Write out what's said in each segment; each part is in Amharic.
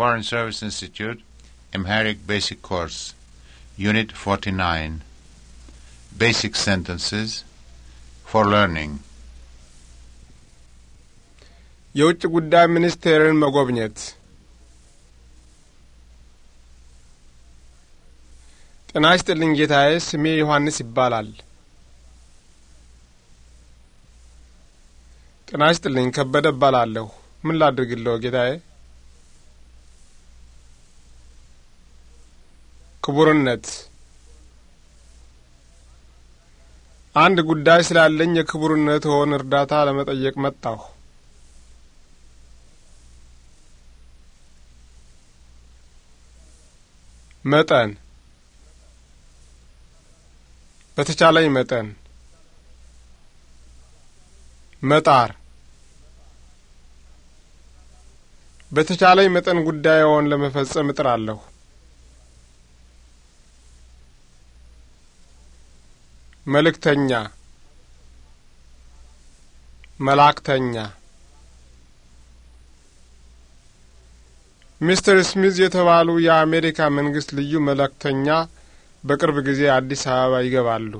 Foreign Service Institute Amharic Basic Course Unit 49 Basic Sentences for Learning የውጭ ጉዳይ ሚኒስቴርን መጎብኘት ጤና ይስጥልኝ ጌታዬ። ስሜ ዮሐንስ ይባላል። ጤና ይስጥልኝ ከበደ እባላለሁ። ምን ላድርግለው ጌታዬ? ክቡርነት አንድ ጉዳይ ስላለኝ የክቡርነት ሆን እርዳታ ለመጠየቅ መጣሁ። መጠን በተቻለኝ መጠን መጣር በተቻለኝ መጠን ጉዳይዎን ለመፈጸም እጥራለሁ። መልእክተኛ መላእክተኛ ሚስተር ስሚዝ የተባሉ የአሜሪካ መንግስት ልዩ መልእክተኛ በቅርብ ጊዜ አዲስ አበባ ይገባሉ።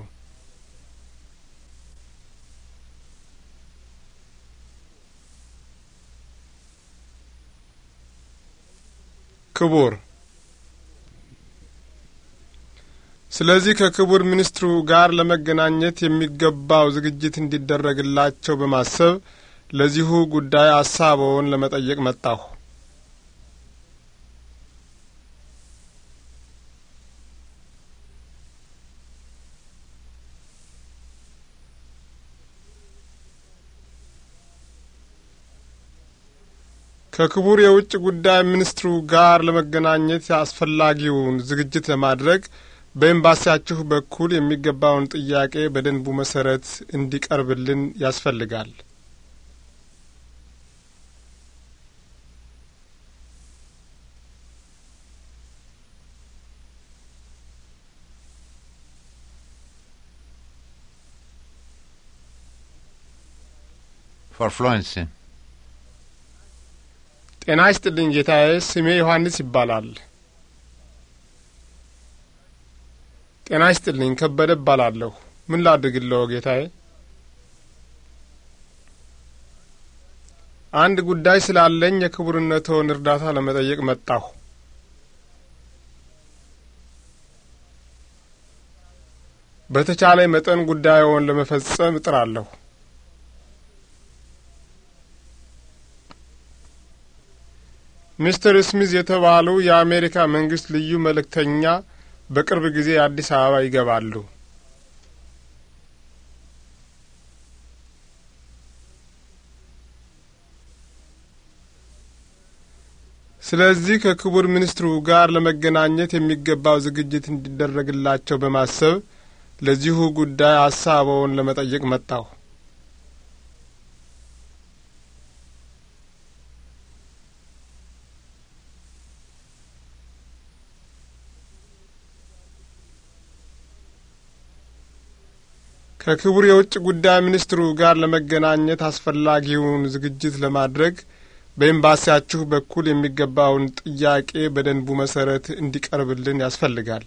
ክቡር ስለዚህ ከክቡር ሚኒስትሩ ጋር ለመገናኘት የሚገባው ዝግጅት እንዲደረግላቸው በማሰብ ለዚሁ ጉዳይ አሳበውን ለመጠየቅ መጣሁ። ከክቡር የውጭ ጉዳይ ሚኒስትሩ ጋር ለመገናኘት አስፈላጊውን ዝግጅት ለማድረግ በኤምባሲያችሁ በኩል የሚገባውን ጥያቄ በደንቡ መሰረት እንዲቀርብልን ያስፈልጋል። ጤና ይስጥልኝ ጌታዬ። ስሜ ዮሐንስ ይባላል። ጤና ይስጥልኝ ከበደ እባላለሁ። ምን ላድርግልዎ ጌታዬ? አንድ ጉዳይ ስላለኝ የክቡርነትዎን እርዳታ ለመጠየቅ መጣሁ። በተቻለ መጠን ጉዳዩን ለመፈጸም እጥራለሁ። ሚስተር ስሚዝ የተባሉ የአሜሪካ መንግስት ልዩ መልእክተኛ በቅርብ ጊዜ አዲስ አበባ ይገባሉ። ስለዚህ ከክቡር ሚኒስትሩ ጋር ለመገናኘት የሚገባው ዝግጅት እንዲደረግላቸው በማሰብ ለዚሁ ጉዳይ ሀሳብዎን ለመጠየቅ መጣሁ። ከክቡር የውጭ ጉዳይ ሚኒስትሩ ጋር ለመገናኘት አስፈላጊውን ዝግጅት ለማድረግ በኤምባሲያችሁ በኩል የሚገባውን ጥያቄ በደንቡ መሰረት እንዲቀርብልን ያስፈልጋል።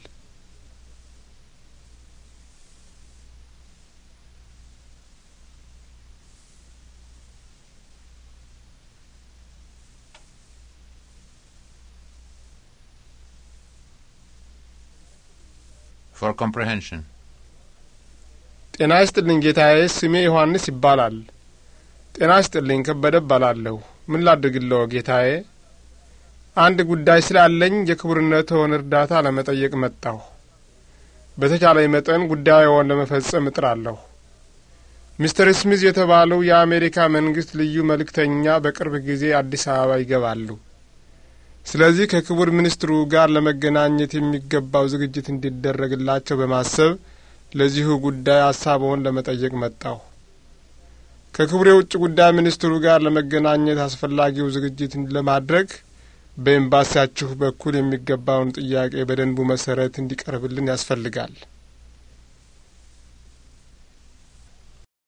for comprehension ጤና ይስጥልኝ ጌታዬ፣ ስሜ ዮሐንስ ይባላል። ጤና ይስጥልኝ ከበደ እባላለሁ። ምን ላድርግልዎ ጌታዬ? አንድ ጉዳይ ስላለኝ የክቡርነትዎን እርዳታ ለመጠየቅ መጣሁ። በተቻለኝ መጠን ጉዳይዎን ለመፈጸም እጥራለሁ። ሚስተር ስሚዝ የተባለው የአሜሪካ መንግስት ልዩ መልእክተኛ በቅርብ ጊዜ አዲስ አበባ ይገባሉ። ስለዚህ ከክቡር ሚኒስትሩ ጋር ለመገናኘት የሚገባው ዝግጅት እንዲደረግላቸው በማሰብ ለዚሁ ጉዳይ ሀሳብዎን ለመጠየቅ መጣሁ። ከክቡር የውጭ ጉዳይ ሚኒስትሩ ጋር ለመገናኘት አስፈላጊው ዝግጅት ለማድረግ በኤምባሲያችሁ በኩል የሚገባውን ጥያቄ በደንቡ መሰረት እንዲቀርብልን ያስፈልጋል።